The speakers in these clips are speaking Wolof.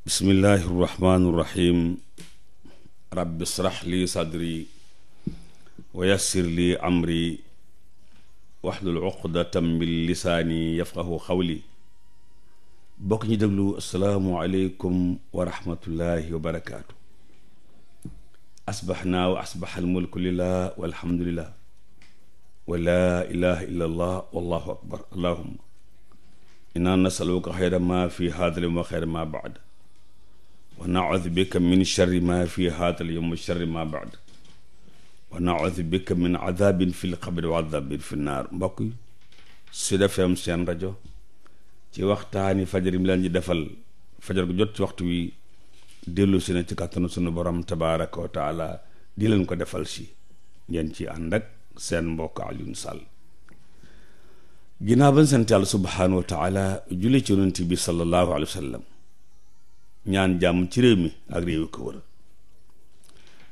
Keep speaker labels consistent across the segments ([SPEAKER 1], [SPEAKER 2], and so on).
[SPEAKER 1] bismillaahi rahmaani rahiim rabbi srax li sadri wa yassir li amri waxlul uqdatam min lisaani yafqahu xawli bokk ñi déglu asalaamualeykum wa rahmatullahi wa barakaatu asbaxnaa wa asbax almulku lillah walhamdulillah wa laa ilaha illa allah wallahu akbar allahuma inna nasaluka xayra ma fi haadal yowm wa xayra ma baad wa naudu bika min sharri ma fi haatal yowm wa sharri ma baad wa naudu bika min adabin fi lqabri wa adabin fi naar mbokk yi Sud FM seen rajo ci waxtaani fajar mi leen di defal fajar gu jot ci waxtu wi dellu si na ci kàttanu sunu borom tabaraka wa taala di leen ko defal si ngeen ci ànd ak seen mbokk Alioune Sall ginnaaw bañ sant yàlla subhaanahu wa taala julli ci yonent bi sallallahu alayhi wa sallam ñaan jàmm ci réew mi ak réew yi ko wër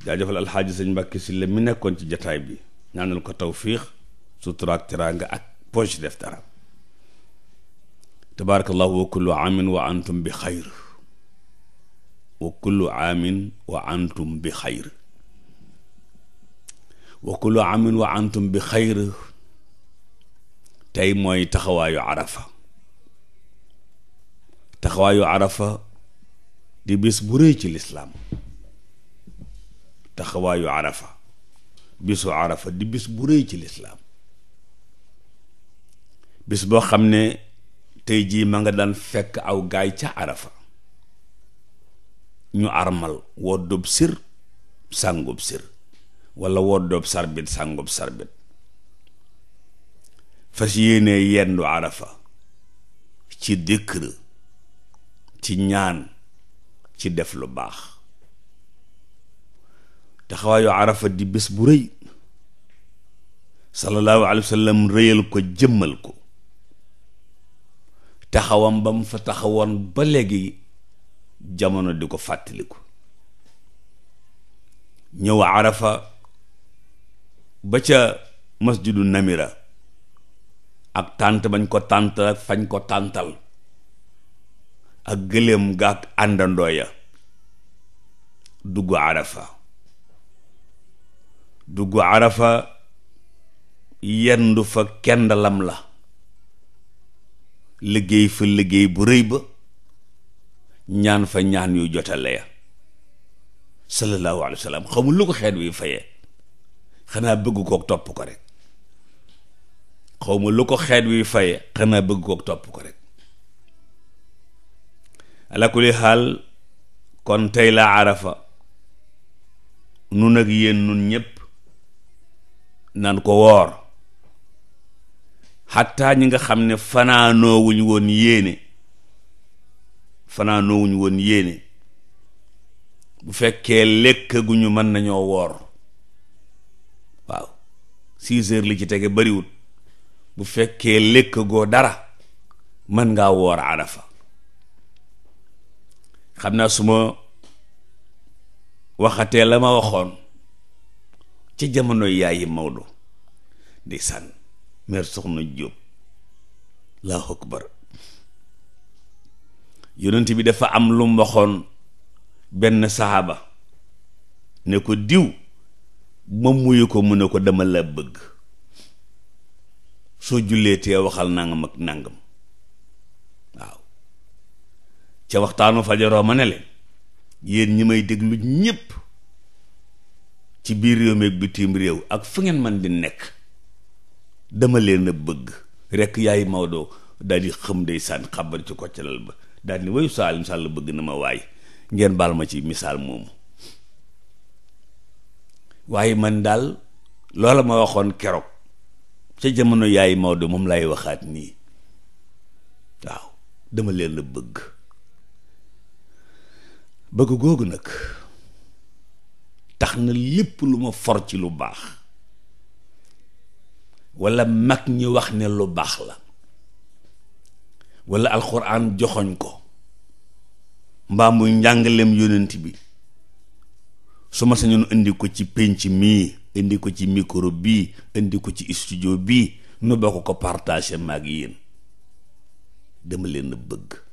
[SPEAKER 1] jaajëfal alxaaji sëñ Mbàkke si la mi nekkoon ci jataay bi ñaanal ko tawfiix sutura ak teraanga ak poche def dara tabaarakallahu wa kullu aamin wa antum bi xayr wa kullu aamin wa antum bi xayr tey mooy taxawaayu arafa taxawaayu arafa di bis bu rëy ci lislaam taxawaayu arafa bisu arafa di bis bu rëy ci lislaam bis boo xam ne tey jii ma nga daan fekk aw gaay ca arafa ñu armal woddub sir sàngub sir walla woddub sarbit sàngub sarbit fas yéenee yendu arafa ci dikr ci ñaan ci def lu baax taxawaayu arafa di bés bu rëy sallallahu alayhi wa sallam ko jëmmal ko taxawam ba mu fa taxawoon ba léegi jamono di ko fàttaliku ñëw arafa ba ca masjidu namira ak tànt bañ ko tàntal fañ ko tàntal ak gëléem gaak àndandoo ya dugg arafa dugg arafa yendu fa kendalam la liggéey fa liggéey bu rëy ba ñaan fa ñaan yu jotale ya sallallahu alayhi wa sallam xamul lu ko xeet wi fayee xanaa bëgg kook topp ko rek ma lu ko xeet wi faye xanaa bëgg kook topp ko rek ala kulli xaal kon tey la arafa nun ak yéen nun ñépp naan ko woor xataa ñi nga xam ne fanaanoowuñ woon yéene fanaanoowuñ woon yéene bu fekkee lekk gu ñu mën nañoo woor waaw six heures li ci tege bariwul bu fekkee lekk goo dara mën ngaa woor arafa xam naa su ma waxatee la ma waxoon ci jamono yaayi Maodo di sànn meer soxna Jóob allahu akbar yonent bi dafa am lu mu waxoon benn saaba ne ko diw ma muyu ko mu ne ko dama la bëgg soo jullee tee waxal nangam ak nangam ca waxtaanu fajaroo ma ne leen yéen ñi may déglu ñépp ci biir réew mi ak bitim réew ak fa ngeen man di nekk dama leen a bëgg rekk yaay Maodo daal di xam ndeysaan xabar ci koccalal ba daal di wayu Saalim Sàll bëgg na ma waay ngeen baal ma ci misaal moomu waaye man daal loola ma waxoon keroog ca jamono yaay Maodo moom laay waxaat nii waaw dama leen a bëgg bëgg googu nag tax na lépp lu ma for ci lu baax walla mag ñi wax ne lu baax la walla alxuraan joxoñ ko mbaam muy njàngaleem yonent bi su ma sañoon indi ko ci pénc mii indi ko ci mikoro bi indi ko ci studio bii nu bokk ko partagé maag yéen dama leen bëgg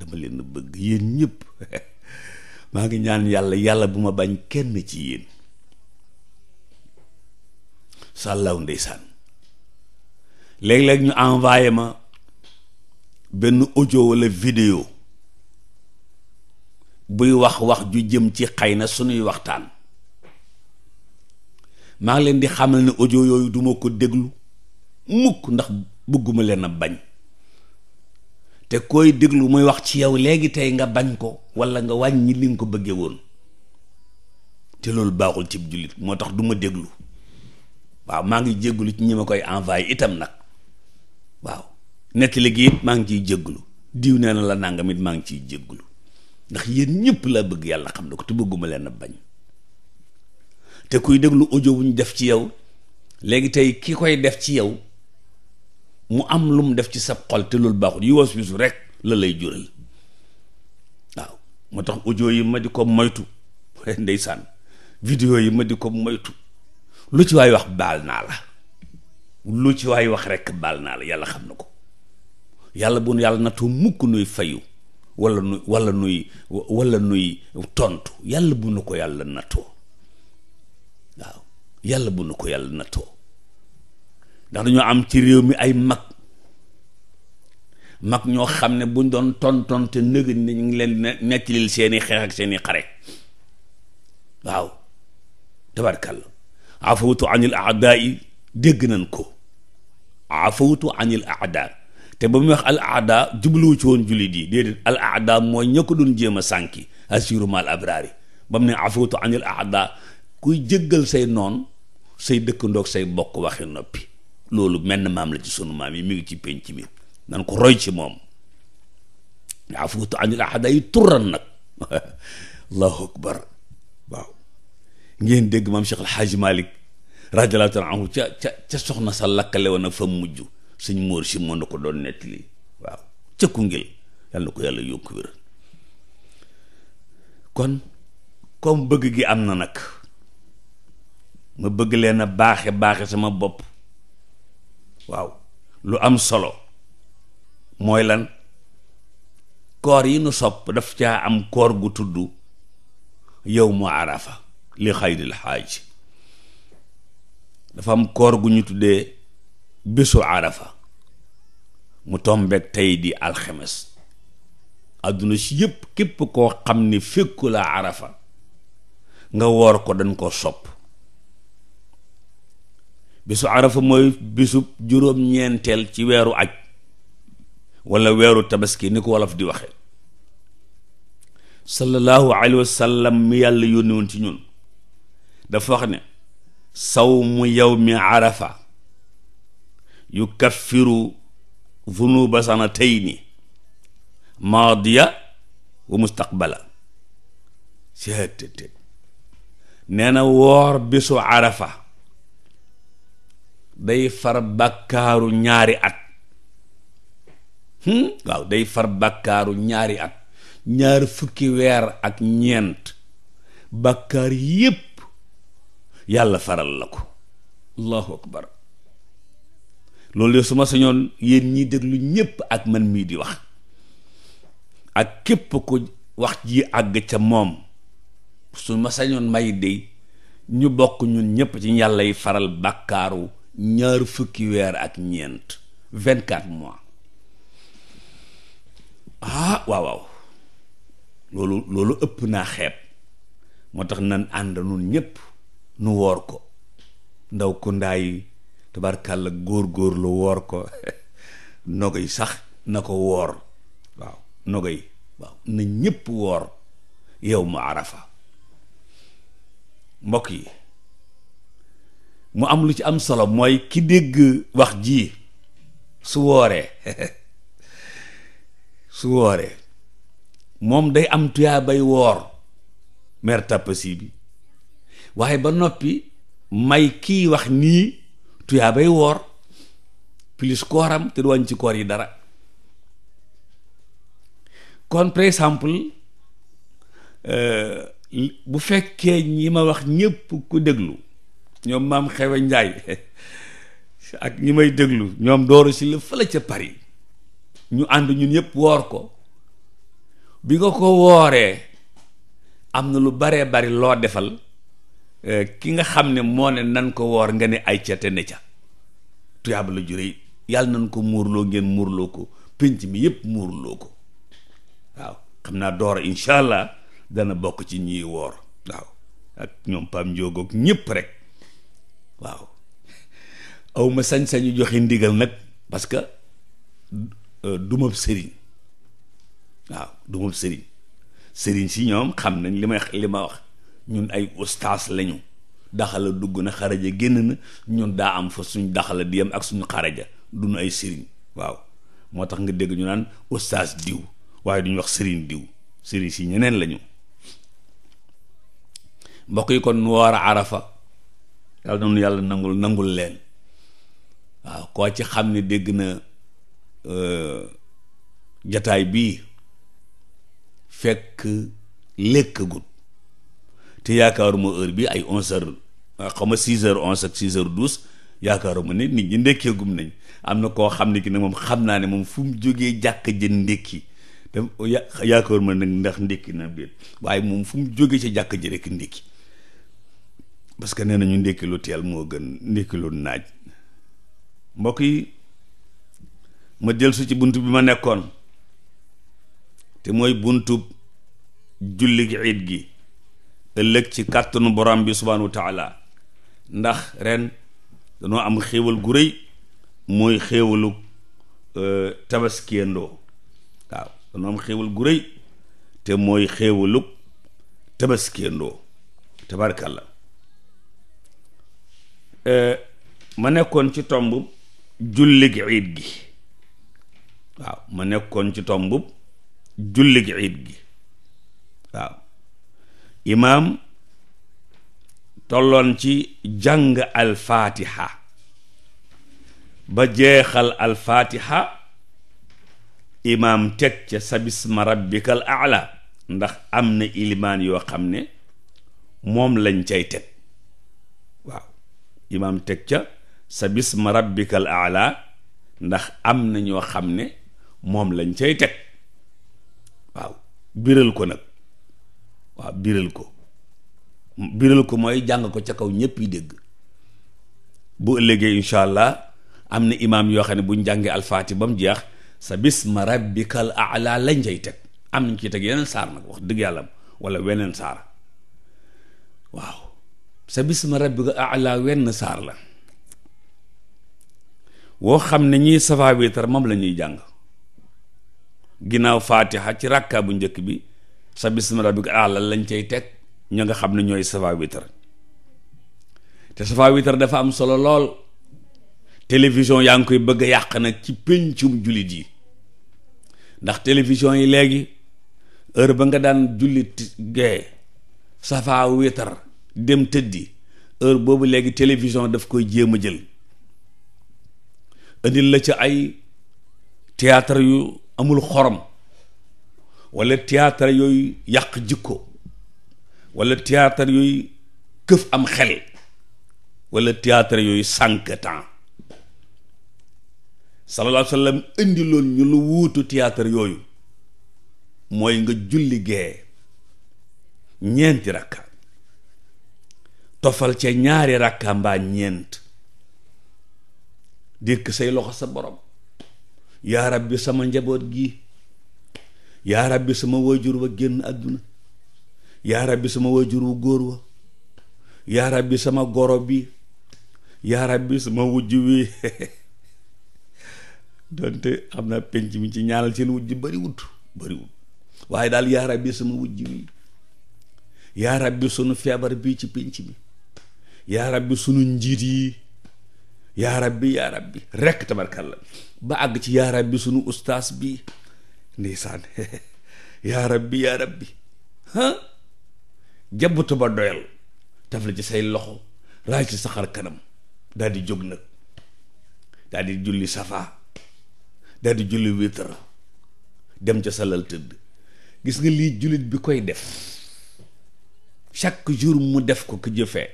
[SPEAKER 1] dama leen bëgg yéen ñëpp maa ngi ñaan yàlla yàlla bu ma bañ kenn ci yéen sàllaw ndeysaan léeg-léeg ñu envoyé ma benn audio wala vidéo buy wax wax ju jëm ci xëy na suñuy waxtaan maa ngi leen di xamal ne audio yooyu duma ko déglu mukk ndax bëgguma leen a bañ te koy déglu muy wax ci yow léegi tey nga bañ ko wala nga wàññi li nga ko bëggee woon te loolu baaxul cib jullit moo tax duma déglu waaw maa ngi jégglu ci ñi ma koy envoyé itam nag waaw nett léegi maa ngi ciy jégglu diw nee na la nangam it maa ngi ciy jégglu ndax yéen ñëpp laa bëgg yàlla xam ne ko te bëgguma leen a bañ te kuy déglu audio def ci yow léegi tey ki koy def ci yow mu am lu mu def ci sab xol te loolu baaxul yi was wisu rek la lay jural waaw moo tax audio yi ma di ko moytu ndeysaan vidéo yi ma di lu ci waay wax baal naa la lu ci waay wax rek baal naa la yàlla xam na ko yàlla bu nu yàlla natoo mukk nuy fayu wala nu wala nuy tontu yàlla bu nu ko yàlla natoo waaw yàlla bu nu ko yàlla natoo ndax dañoo am ci réew mi ay mag mag ñoo xam ne buñ doon tonton te nëg ni ñu leen nettalil seeni xeex ak seeni xare waaw tabarkàlla afawtu anil aadaa yi dégg nañ ko afawtu anil aadaa te ba muy wax al aada jubluwu ci woon jullit yi déedéet al aada mooy ña ko doon jéem a sànki asiru mal abraari ba mu ne afawtu anil aada kuy jëggal say noon say dëkkandoog say bokk waxi noppi loolu menn maam la ci sunu maam yi mu ngi ci penc mi nan ko roy ci moom afuutu anil ahada dégg maam Cheikh Alxaaji Malik radiyallahu taala anhu ca ca soxna sa lakkale woon ak fa mujj suñ móor si moo ko doon nettali waaw ca Koungheul yàlla na ko gi am na nag ma bëgg leen a baaxe baaxe sama bopp waaw lu am solo mooy lan koor yi nu sopp daf caa am koor gu tudd mu arafa li la xaaj dafa am koor gu ñu tuddee bésu arafa mu tombeek tey di alxemes àdduna si yëpp képp koo xam ni fekku la arafa nga woor ko dañ koo sopp bisu arafa mooy bisu juróom-ñeenteel ci weeru aj wala weeru tabaski ni ko wolof di waxe sallallahu alayhi wa sallam mi yàlla yónni woon ci ñun dafa wax ne sawmu yawmi arafa yukaffiru zunuba sanatayni maadiya wa mustaqbala si nee na woor bisu arafa day far bàkkaaru ñaari at hmm? waaw day far bàkkaaru ñaari at ñaar fukki weer ak ñeent bàkkaar yépp yàlla faral la ko allahu akbar loolu de su ma sañoon yéen ñi déglu ñépp ak man mii di wax ak képp ku wax ji àgg ca moom su ma sañoon may dey ñu bokk ñun ñépp ci yàllay faral bàkkaaru ñaar fukki weer ak ñeent vingt quatre mois ah waaw waaw loolu loolu ëpp naa xeet moo tax nan ànd nun ñépp nu woor ko ndaw ko ndaay tabarkàlla góor góor lu woor ko nogo yi sax na ko woor waaw nogo yi waaw na ñépp woor yow mu arafa mbokk yi mu am lu ci am solo mooy ki dégg wax jii su wooree su wooree moom day am tuyaa bay woor mer tàppasi bi waaye ba noppi may kii wax nii tuyaa bay woor plus kooram te du wàññi ci koor yi dara kon par exemple euh, bu fekkee ñi ma wax ñépp ku déglu ñoom maam xewe njaay ak ñi may déglu ñoom dooru si la fële ca Paris ñu ànd ñun yëpp woor ko bi nga ko wooree am na lu baree bari loo defal eh, ki nga xam ne moo ne nan ko woor nga ne ay ca te ne ca tuyaaba la juree yàlla nan ko muurloo ngeen muurloo ko pinc mi yëpp muurloo ko waaw xam naa door incha allah dana bokk ci ñuy woor waaw ak ñoom Pam Ndiogog ñëpp rek waaw awma sañ-sañu joxe ndigal nag parce que euh, dumab sëriñ waaw dumab sëriñ sëriñ si ñoom xam nañ li may li ma wax ñun ay ustaas lañu daxala dugg na xaraja génn na ñun daa am fa suñ daxala di yem ak suñu xaraja duñu ay sëriñ waaw moo tax nga dégg ñu naan ustaas diw waaye duñu wax sëriñ diw sëriñ si ñeneen lañu mbokk yi kon nu war a arafa yàlla noonu yàlla nangul nangul leen waaw koo ci xam ne dégg na euh, jataay bii fekk lekk gut te yaakaaruma heure bi ay onze heures xaw ma six heures onze ak six heures douze yaakaaruma ne nit ñi ndekkee gum nañ am na koo xam ne ki ne moom xam naa ne moom fu mu jógee jàkk jën ndékki te yaakaaruma nag ndex ndékki na biir waaye moom fu mu jógee ci jàkk ji rek ndékki parce que nee nañu ndékki lu teel moo gën ndékki lu naaj mbokk yi ma delsu ci bunt bi ma nekkoon te mooy buntub julli gi iid gi ëllëg ci kàttanu borom bi subhaanahu wa taala ndax ren danoo am xéewal gurëy mooy xéewalu tabaskiyandoo waaw danoo am xéewal gu euh, te mooy xéewalug tabaskiyandoo tabarkalla Eh, ma nekkoon ci tomb jullig iid gi waaw ma nekkoon ci tomb jullig iid gi waaw imaam tolloon ci jàng alfaatiha ba jeexal alfaatiha imaam teg ca sabisma rabbikal aala ndax am na ilimaan yoo xam ne moom lañ cay teg imaam teg ca sa bisma rabbikal aala ndax am na ñoo xam ne moom lañ cay teg waaw biral ko nag waaw biral ko biral ko mooy jàng ko ca kaw ñépp yi dégg bu ëllëgee incha allah am na imaam yoo xam ne buñ jàngee alfaati ba mu jeex sa bisma rabbikal aala lañ cay teg am nañ ciy teg yeneen saar nag wax dëgg yàlla wala weneen saar waaw sa bisma rabbika ala wenn saar la woo xam ne ñii safa wiitar moom lañuy jàng ginnaaw faatiha ci ràkkaa bu njëkk bi sa bisma rabbika ala lañ cay teg ña nga xam ne ñooy safa wiitar te safa wiitar dafa am solo lool télévision yaa ngi koy bëgg yàq nag ci péncum jullit yi ndax télévision yi léegi heure ba nga daan jullit gee safa wiitar dem tëddi heure boobu léegi télévision daf koy jéem a jël indil la ci ay théâtre yu amul xorom wala théâtre yooyu yàq jikko walla théâtre yuy këf am xel walla théâtre yooyu sànq temps sallallahu alayhi wa sallam ñu lu wuutu théâtre yooyu mooy nga julli gee ñeenti rakka tofal ca ñaari rakka mbaa ñeent dikk say loxo sa borom yaa rabbi sama njaboot gi yaa rabbi sama waajur wa génn àdduna yaa rabbi sama waajur wu góor wa yaa rabbi sama goro bi yaa bi sama wujj wi te xam naa pénc mi ci ñaanal seen wujj bari wut waaye daal yaa bi sama wujj wi yaa rabbi sunu feebar bii ci penc mi yaa rabbi sunu njiit yi yaa rabbi yaa rabbi rekk tabarkalla ba àgg ci yaa bi suñu ustaas bi ndeysaan yaa rabbi yaa rabbi ah jabbutu ba doyal taf la ci say loxo raay ci saxar kanam daal di jóg nag daal di julli safaa daal julli witr dem ca salal tëdd gis nga lii jullit bi koy def chaque jour mu def ko ku jëfee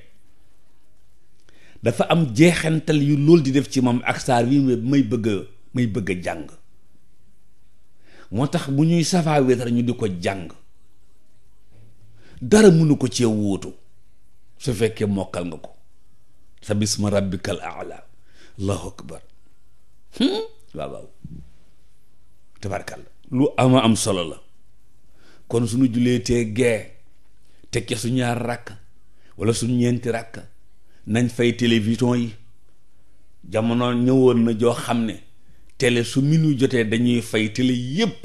[SPEAKER 1] dafa am jeexantal yu loolu di def ci moom ak saar wi may bëgg a may bëgg jàng moo tax bu ñuy safaa wetar ñu di ko jàng dara mënu ko cee wuutu su fekkee mokkal nga ko sa bisma rabbikal aala allahu akbar hmm? waaw waaw tabarkalla lu ama am solo la kon suñu julee tee gee tekki su ñaar ràkk wala suñu ñeenti rakk nañ fay télévision yi jamono ñëwoon na joo xam ne tele su minu jotee dañuy fay télé yëpp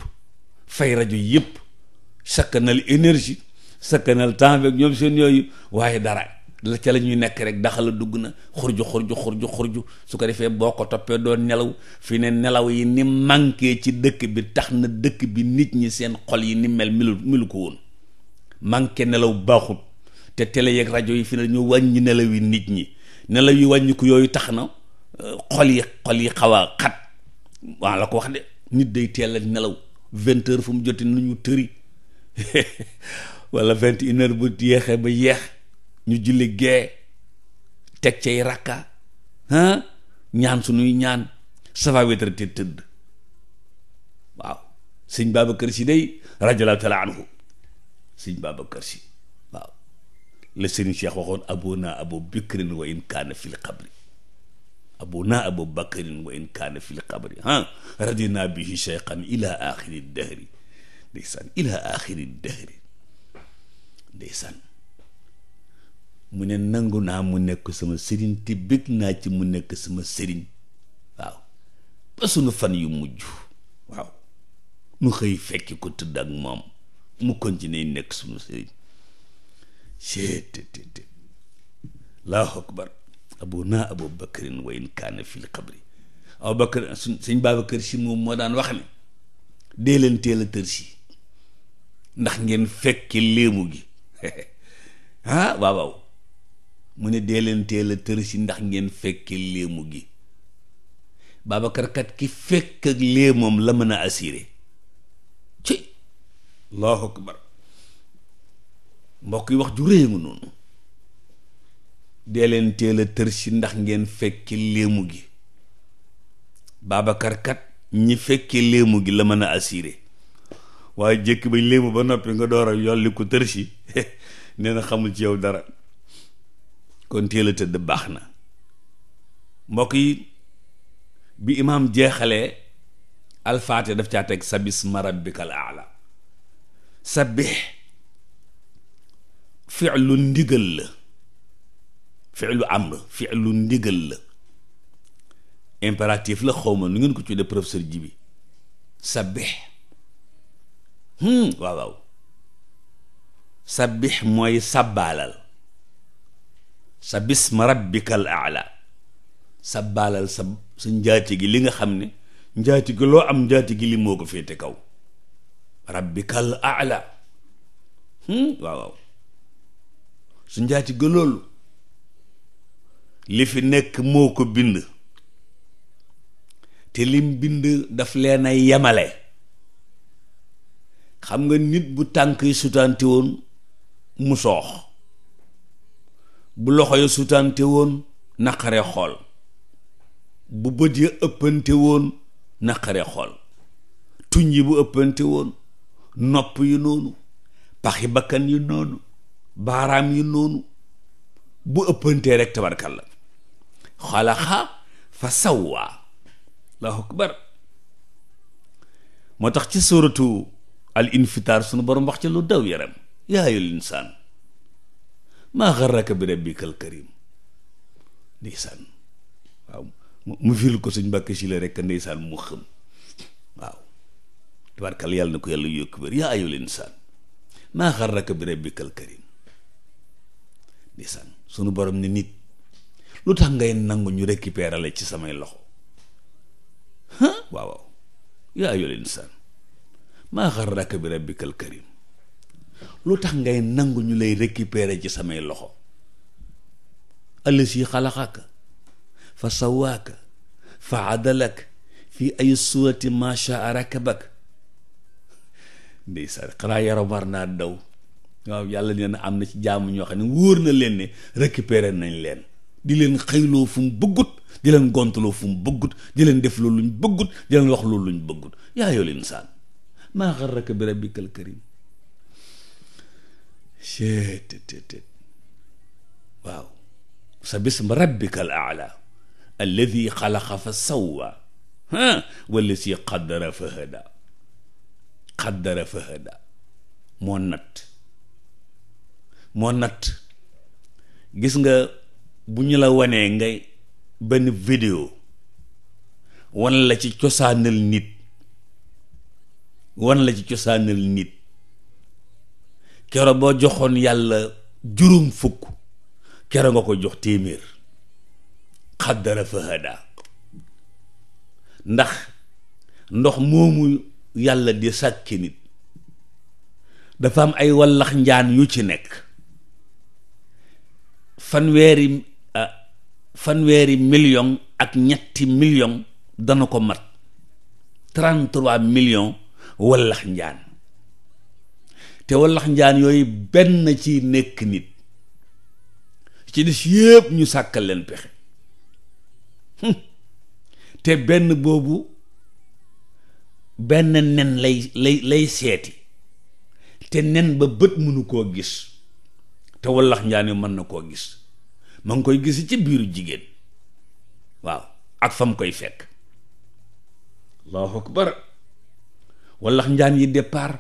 [SPEAKER 1] fay rajo yëpp sakkanal énergie sakkanal temps beeg ñoom seen yooyu waaye dara la ca la ñuy nekk rek daxala dugg na xurju xurju xurju xurju su ko defee boo ko toppee doo nelaw fi ne nelaw yi ni manqué ci dëkk bi tax na dëkk bi nit ñi seen xol yi ni mel milu milu ko woon manqué nelaw baaxut te télé yeeg rajo yi fi na ñu wàññi nelaw yi nit ñi nelaw yi wàññiku yooyu tax na euh, xol yi xol yi xaw xat waa la ko wax de nit de teel a nelaw vingt fu mu jot nañu tëri walla vingt une heure bu yeexee ba yeex ñu julli gee teg cey rakka ñaan suñuy ñaan safa wétar te tëdd waaw sëñ Babacar Si day radiallahu taala anhu sëñ Babacar Si la sëriñ Cheikh waxoon abona abu bikrin wa in kaana fil qabri abona abu bakrin wa in kaana fil qabri ha radina bihi cheikhan ila axiri dahri ndeysaan ila axiri dahri ndeysaan mu ne nangu naa mu nekk sama sëriñ te bëgg naa ci mu nekk sama sëriñ waaw ba sunu fan yu mujj waaw nu xëy fekki ko tëdd ak moom mu continuer nekk sunu sëriñ ctt allahu akbar abuna abu bakrin wa in kaana fi lxabri abu bakar su sëñ si moom moo daan wax ne dee leen teel a tër si ndax ngeen fekki léemu gi ah ne dee a tër ndax ngeen fekki léemu ki fekk ak léemam la mën a assuré ci allahu akbar mbokk yi wax ju rëy nga noonu dee leen teel a tër ndax ngeen fekke léemu gi Babacar ñi fekke léemu gi la mën a assuré waaye jékki bañ léemu ba noppi nga door a yolli ko tër si xamul ci yow dara kon teel a tëdd baax na mbokk yi bi imaam jeexale alfaate daf caa teg sabis ma rabbikal aala sabbih fiilu ndigal la fiilu amr fiilu ndigal la impératif la xaw ma nu ngeen ko tuddee professeur ji bi sabbix hmm, waaw waaw sabbix mooy sabbaalal sabbisma rabbikal aala sabbaalal sa sa njaati gi li nga xam ne njaati gi loo am njaati gi li moo ko féete kaw rabbikal aala hmm, waaw waaw su njaati ga loolu li fi nekk moo ko bind te lim bind daf leen ay yamale xam nga nit bu tànk yi sutante woon mu soox bu loxo yi sutante woon naqare xool bu bët ya ëppante woon naqare xool tuñ yi bu ëppante woon nopp yu noonu paxi bakkan yu noonu baaraam yi noonu bu ëppantee rek la xalaxa fa sawwa allahu akbar moo tax ci suratu al infitar sunu borom wax ci lu daw yaram yaa ayyuhal insaan maa xarraka bi rabbikal karim ndeysaan waaw mu ko suñ mbàkk si rek ndeysaan mu xëm yàlla na ko yàlla yokk wér yaa ayyuhal insaan maa xarraka bi rabbikal karim di san sunu borom ni nit lu tax ngay nangu ñu récupérer ci samay loxo waaw waaw yaa ayyuhal insaan maa xarraka bi rabbikal karim lu tax ngay nangu ñu lay récupérer ci samay loxo allasi xalaxak fa sawaaka fa adalak fii ay surati ma shaa rakabak ndeysaan xanaa yaram war naa daw waaw yàlla nee na am na ci jaamu ñoo xam ne wóor na leen ne récupéré nañ leen di leen xëyloo fu mu bëggut di leen gontaloo fu bëggut di leen def loolu luñ bëggut di leen wax loolu luñ bëggut yaa yool insaan maa xarraka bi rabbikal karim chetttt waaw sa bism rabbikal aala alladi xalaqa fa sawwa wala si qaddara fa hada qaddara fa hada moo natt moo natt gis nga bu ñu la wanee ngay benn vidéo wan la ci cosaanal nit wan la ci cosaanal nit kero boo joxoon yàlla juróom fukk kero nga ko jox téeméer xaddara fahada ndax ndox moomu yàlla di sàkki nit dafa am ay wallaxnjaan yu ci nekk fanweeri euh, fanweeri million ak ñetti million dana ko mat 33 million wallax njaan te wallax njaan yooyu benn ci nekk nit ci des yëpp ñu sàkkal leen pexe te benn boobu benn nen lay lay seeti te nen ba bët mënu koo gis te wallax njaan yi mën na koo gis ma ngi koy gis ci biiru jigéen waaw ak fam koy fekk allahu akbar wallax njaan yi départ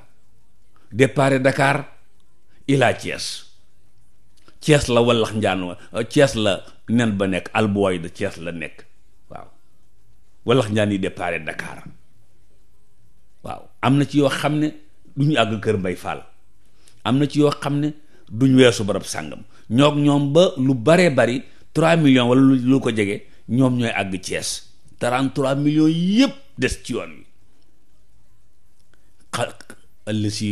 [SPEAKER 1] départ Dakar ilaa Thiès Thiès la wallax njaan wa euh, la nen ba nekk Albuwayda Thiès la nekk waaw wallax njaan yi départ Dakar waaw am na ci yoo xam ne du ñu àgg kër Mbay Fall am na ci yoo xam ne duñ weesu barab sàngam ñoog ñoom ba lu baree bari 3 millions wala lu ko jege ñoom ñooy àgg Thiès 33 millions yëpp des ci yoon wi xa ëllëg si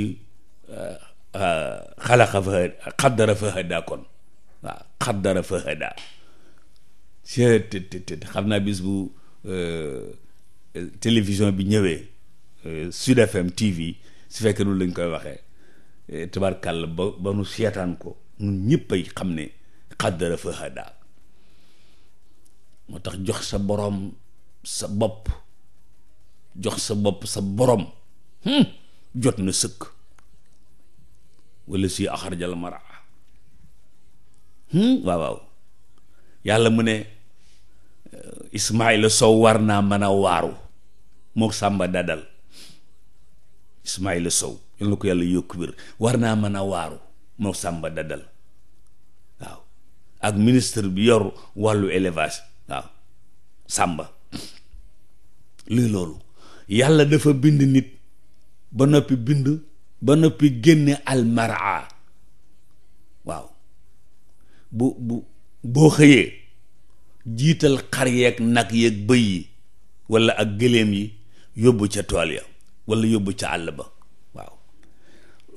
[SPEAKER 1] euh, euh, xalaqa fa xaddara fa hada kon waaw xaddara fa hada tt xam naa bis bu euh, télévision bi ñëwee Sud FM TV su fekkee noonu lañ koy waxee Eh, tabarkàlla ba ba nu seetaan ko ñun ñëpp ay xam ne xaddara fa hada moo tax jox sa boroom sa bopp jox sa bopp sa boroom hmm, jot na sëkk wala si axarjal mara hmm, waaw waaw yàlla mu ne eh, Ismaayla Sow war naa mën a waaru moo Sàmba Dadal Ismaayla Sow yal na ko yàlla yokk wér war naa mën a waaru moo sàmba dadal waaw ak ministre bi yor wàllu élevage waaw sàmba luy loolu yàlla dafa bind nit ba noppi bind ba noppi génne almaraa waaw bu bu boo xëyee jiital xar yeeg nag yeeg bëy yi walla ak gëléem yi yóbbu ca tool ya walla yóbbu ca àll ba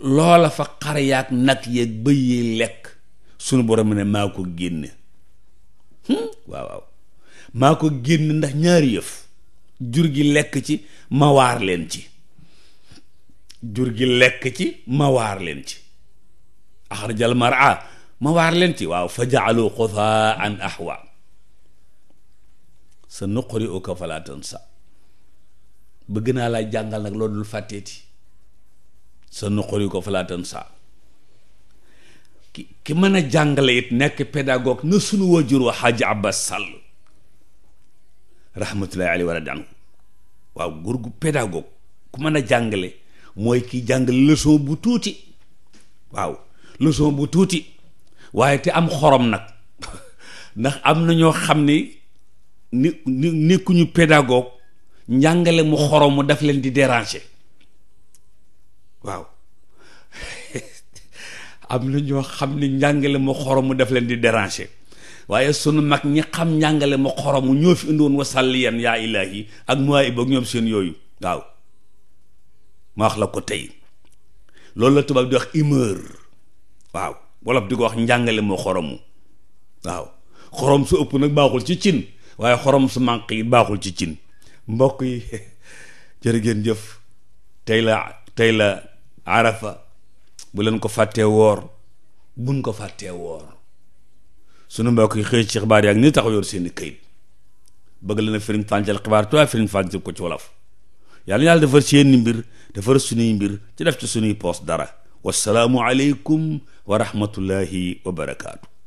[SPEAKER 1] loola fa xar nag yeeg bëy yi lekk sunu borom ne maa ko génne hmm? waaw waaw maa ko génne ndax ñaari yëf jur gi lekk ci ma waar leen ci jur gi lekk ci ma waar leen ci waaw fa ja'alu xusaan ahwa sa nuqri uka fala tansa bëgg naa laa jàngal nag loolu dul fàtteeti sa nuquri ko falaatan saa ki ki mën a jàngale it nekk pédagogue na sunu wajur wa xaaji abbas sàll rahmatullahi alayhi wa radi anhu waaw góor gu pédagogue ku mën a jàngale mooy kii jàngale leçon bu tuuti waaw leçon bu tuuti waaye te am xorom nag ndax am na ñoo xam ni ni ni nekkuñu pédagogue njàngale mu xoromu daf leen di déranger waaw am na ñoo xam ne njàngale ma mu def leen di déranger waaye sunu mag ñi xam njàngale ma mu ñoo fi indiwoon wasalliyan yaa ilaahi ak muwaay boog ñoom seen yooyu waaw ma wax la ko tey loolu la tubaab di wax humeur waaw wolof di ko wax njàngale ma xoromu waaw xorom su ëpp nag baaxul ci cin waaye xorom su mànq yi baaxul ci cin mbokk yi jërë ngeen jëf tey la tey la arafa bu leen ko fàttee woor buñ ko fatte woor sunu mbokk yi xëy ci xibaar yaa ni ni taxaw seen seeni kayit bëgg la na firiñ fàncal xibaar tuwaa firiñ fàncal ko ci wolof yàlla yàlla defar seeni mbir defar sunuy mbir ci def ci sunuy poos dara wassalaamu aleykum wa rahmatullahi wa